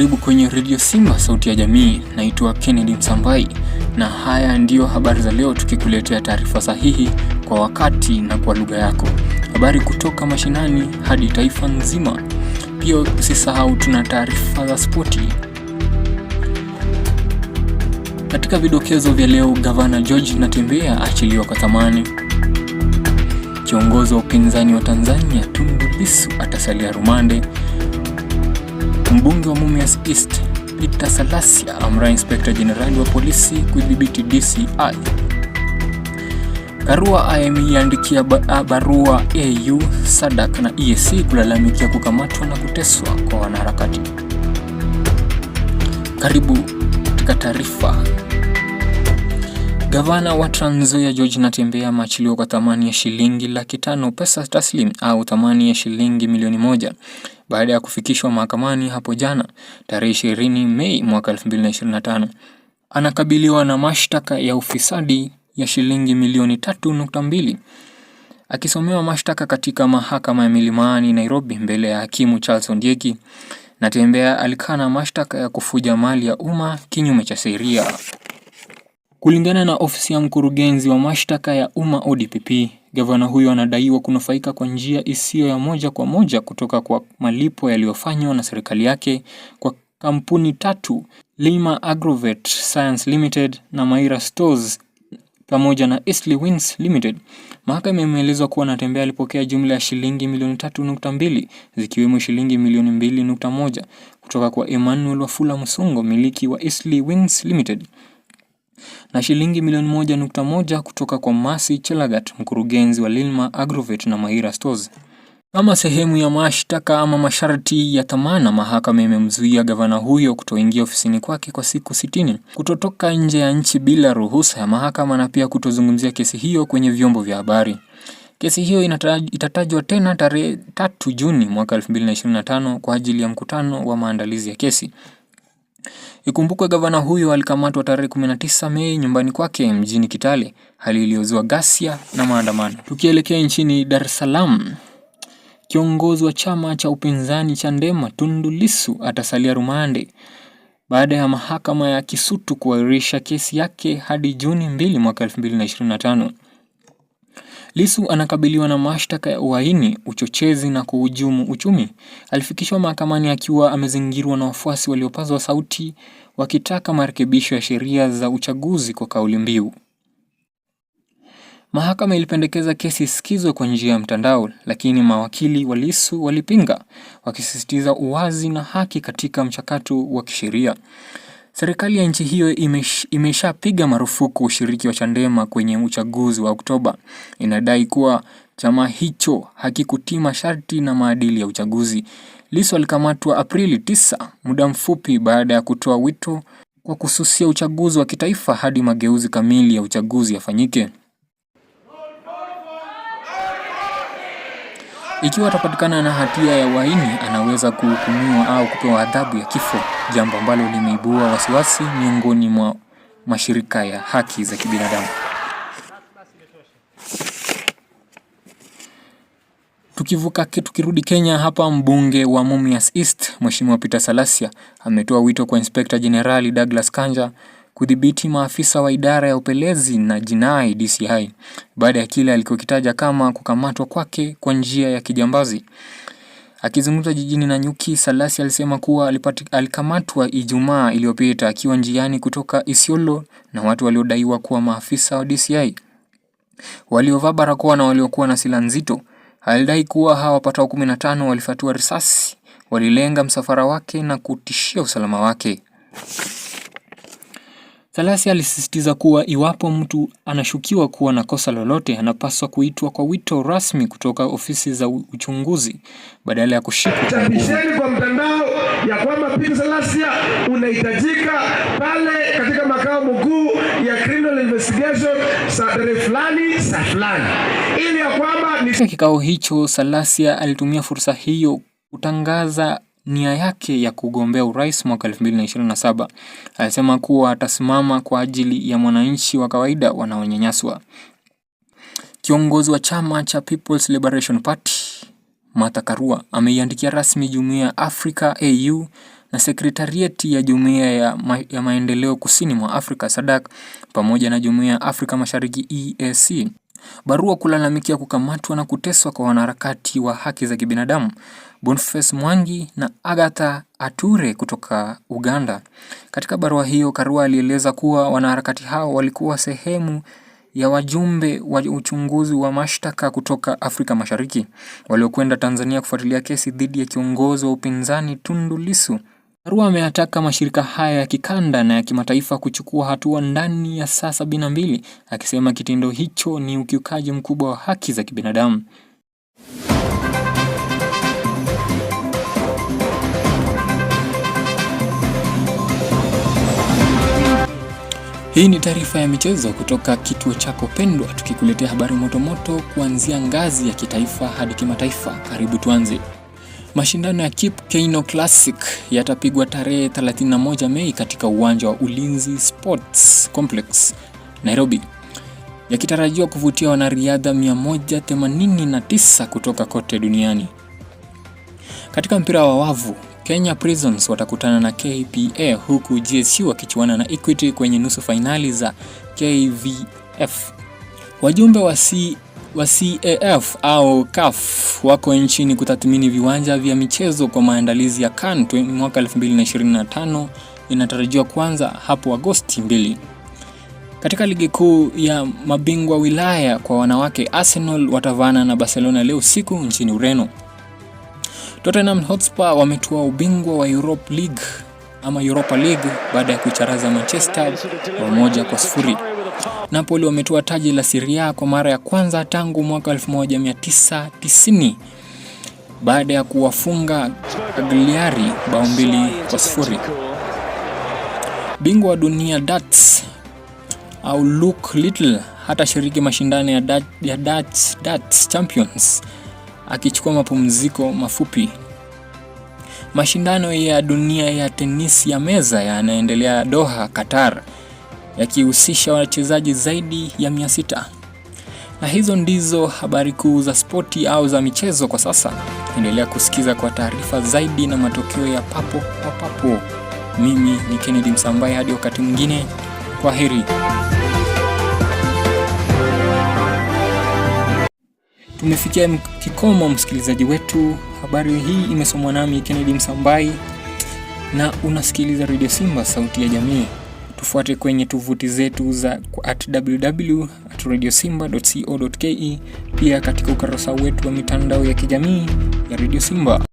Karibu kwenye redio Simba sauti ya jamii. Naitwa Kennedy Msambai na haya ndiyo habari za leo, tukikuletea taarifa sahihi kwa wakati na kwa lugha yako, habari kutoka mashinani hadi taifa nzima. Pia usisahau tuna taarifa za spoti. Katika vidokezo vya leo, gavana George natembea achiliwa kwa thamani. Kiongozi wa upinzani wa Tanzania Tundu lisu atasalia rumande. Mbunge wa Mumias East Peter Salasya amraa Inspekta Jenerali wa polisi kudhibiti DCI. Karua ameiandikia barua AU, e SADC na EAC kulalamikia kukamatwa na kuteswa kwa wanaharakati. Karibu katika taarifa. Gavana wa Trans Nzoia George Natembeya ameachiliwa kwa thamani ya shilingi laki tano pesa taslim au thamani ya shilingi milioni moja baada ya kufikishwa mahakamani hapo jana tarehe 20 Mei mwaka 2025. Anakabiliwa na mashtaka ya ufisadi ya shilingi milioni 3.2 akisomewa mashtaka katika mahakama ya Milimani Nairobi mbele ya hakimu Charles Ondieki. natembea alikana mashtaka ya kufuja mali ya umma kinyume cha sheria. Kulingana na ofisi ya mkurugenzi wa mashtaka ya umma ODPP, Gavana huyo anadaiwa kunufaika kwa njia isiyo ya moja kwa moja kutoka kwa malipo yaliyofanywa na serikali yake kwa kampuni tatu, Lima Agrovet Science Limited na Maira Stores pamoja na Eastleigh Wins Limited. Mahakama imeelezwa kuwa Natembeya alipokea jumla ya shilingi milioni tatu nukta mbili zikiwemo shilingi milioni mbili nukta moja kutoka kwa Emmanuel Wafula Musungo, miliki wa Eastleigh Wins Limited na shilingi milioni moja nukta moja kutoka kwa masi Chelagat, mkurugenzi wa Lilma Agrovet na Mahira Stores. Kama sehemu ya mashtaka ama masharti ya thamana mahakama imemzuia gavana huyo kutoingia ofisini kwake kwa siku sitini, kutotoka nje ya nchi bila ruhusa ya mahakama na pia kutozungumzia kesi hiyo kwenye vyombo vya habari. Kesi hiyo itatajwa tena tarehe 3 Juni mwaka 2025 kwa ajili ya mkutano wa maandalizi ya kesi. Ikumbukwe gavana huyo alikamatwa tarehe 19 Mei nyumbani kwake mjini Kitale, hali iliyozua ghasia na maandamano. Tukielekea nchini Dar es Salaam, kiongozi wa chama cha upinzani cha ndema Tundu Lissu atasalia rumande baada ya mahakama ya Kisutu kuahirisha kesi yake hadi Juni 2 mwaka 2025. Lissu anakabiliwa na mashtaka ya uhaini, uchochezi na kuhujumu uchumi. Alifikishwa mahakamani akiwa amezingirwa na wafuasi waliopazwa sauti wakitaka marekebisho ya sheria za uchaguzi kwa kauli mbiu. Mahakama ilipendekeza kesi isikizwe kwa njia ya mtandao, lakini mawakili wa Lissu walipinga, wakisisitiza uwazi na haki katika mchakato wa kisheria. Serikali ya nchi hiyo imeshapiga marufuku ushiriki wa Chadema kwenye uchaguzi wa Oktoba. Inadai kuwa chama hicho hakikutii masharti na maadili ya uchaguzi. Lissu alikamatwa Aprili 9, muda mfupi baada ya kutoa wito kwa kususia uchaguzi wa kitaifa hadi mageuzi kamili ya uchaguzi yafanyike. Ikiwa atapatikana na hatia ya uhaini, anaweza kuhukumiwa au kupewa adhabu ya kifo, jambo ambalo limeibua wasiwasi miongoni mwa mashirika ya haki za kibinadamu. Tukivuka, tukirudi Kenya hapa, mbunge wa Mumias East Mheshimiwa Peter Salasia ametoa wito kwa Inspekta Jenerali Douglas Kanja kudhibiti maafisa wa idara ya upelezi na jinai DCI baada ya kile alikokitaja kama kukamatwa kwake kwa njia ya kijambazi. Akizungumza jijini Nanyuki, Salasi alisema kuwa alikamatwa Ijumaa iliyopita akiwa njiani kutoka Isiolo na watu waliodaiwa kuwa maafisa wa DCI waliovaa barakoa na waliokuwa na silaha nzito. Alidai kuwa hawa wapatao 15 walifatua risasi, walilenga msafara wake na kutishia usalama wake. Thalasi alisisitiza kuwa iwapo mtu anashukiwa kuwa na kosa lolote anapaswa kuitwa kwa wito rasmi kutoka ofisi za uchunguzi badala ya kushikwa kwa Chapisheni kwa mtandao ya kwamba Pink Thalassia unahitajika pale katika makao mkuu ya Criminal Investigation tarehe fulani saa fulani, ili ya kwamba. ni... kikao hicho, Thalassia alitumia fursa hiyo kutangaza nia yake ya kugombea urais mwaka 2027. Alisema kuwa atasimama kwa ajili ya mwananchi wa kawaida wanaonyanyaswa. Kiongozi wa chama cha People's Liberation Party Martha Karua ameiandikia rasmi Jumuiya ya Afrika AU na Sekretarieti ya Jumuiya ya, ma ya Maendeleo Kusini mwa Afrika SADC pamoja na Jumuiya ya Afrika Mashariki EAC barua kulalamikia kukamatwa na kuteswa kwa wanaharakati wa haki za kibinadamu Boniface Mwangi na Agatha Ature kutoka Uganda. Katika barua hiyo, Karua alieleza kuwa wanaharakati hao walikuwa sehemu ya wajumbe wa uchunguzi wa mashtaka kutoka Afrika Mashariki waliokwenda Tanzania kufuatilia kesi dhidi ya kiongozi wa upinzani Tundu Lissu Arua ameyataka mashirika haya ya kikanda na ya kimataifa kuchukua hatua ndani ya saa sabini na mbili akisema kitendo hicho ni ukiukaji mkubwa wa haki za kibinadamu. Hii ni taarifa ya michezo kutoka kituo chako pendwa, tukikuletea habari motomoto kuanzia ngazi ya kitaifa hadi kimataifa. Karibu tuanze. Mashindano ya Kip Keino Classic yatapigwa tarehe 31 Mei katika uwanja wa Ulinzi Sports Complex, Nairobi, yakitarajiwa kuvutia wanariadha 189 kutoka kote duniani. Katika mpira wa wavu, Kenya Prisons watakutana na KPA huku GSU wakichuana na Equity kwenye nusu fainali za KVF. Wajumbe wa C wa CAF au CAF wako nchini kutathmini viwanja vya michezo kwa maandalizi ya CAN mwaka 2025 inatarajiwa kuanza hapo Agosti 2. Katika ligi kuu ya mabingwa wilaya kwa wanawake, Arsenal watavana na Barcelona leo usiku nchini Ureno. Tottenham Hotspur wametua ubingwa wa Europe League ama Europa League baada ya kuicharaza Manchester bao moja kwa sifuri. Napoli wametoa taji la Serie A kwa mara ya kwanza tangu mwaka 1990 baada ya kuwafunga Cagliari bao mbili kwa sifuri. Bingwa wa dunia darts au Luke Little hata shiriki mashindano ya Dutch Darts Champions akichukua mapumziko mafupi. Mashindano ya dunia ya tenisi ya meza yanaendelea Doha, Qatar, yakihusisha wachezaji zaidi ya sita. Na hizo ndizo habari kuu za spoti au za michezo kwa sasa. Endelea kusikiza kwa taarifa zaidi na matokeo ya papo kwa papo. Mimi ni Kennedy Msambai, hadi wakati mwingine, kwa heri. Tumefikia kikomo, msikilizaji wetu. Habari hii imesomwa nami Kennedy Msambai na unasikiliza Radio Simba, sauti ya jamii. Tufuate kwenye tovuti zetu za at www.radiosimba.co.ke, pia katika ukarasa wetu wa mitandao ya kijamii ya Radio Simba.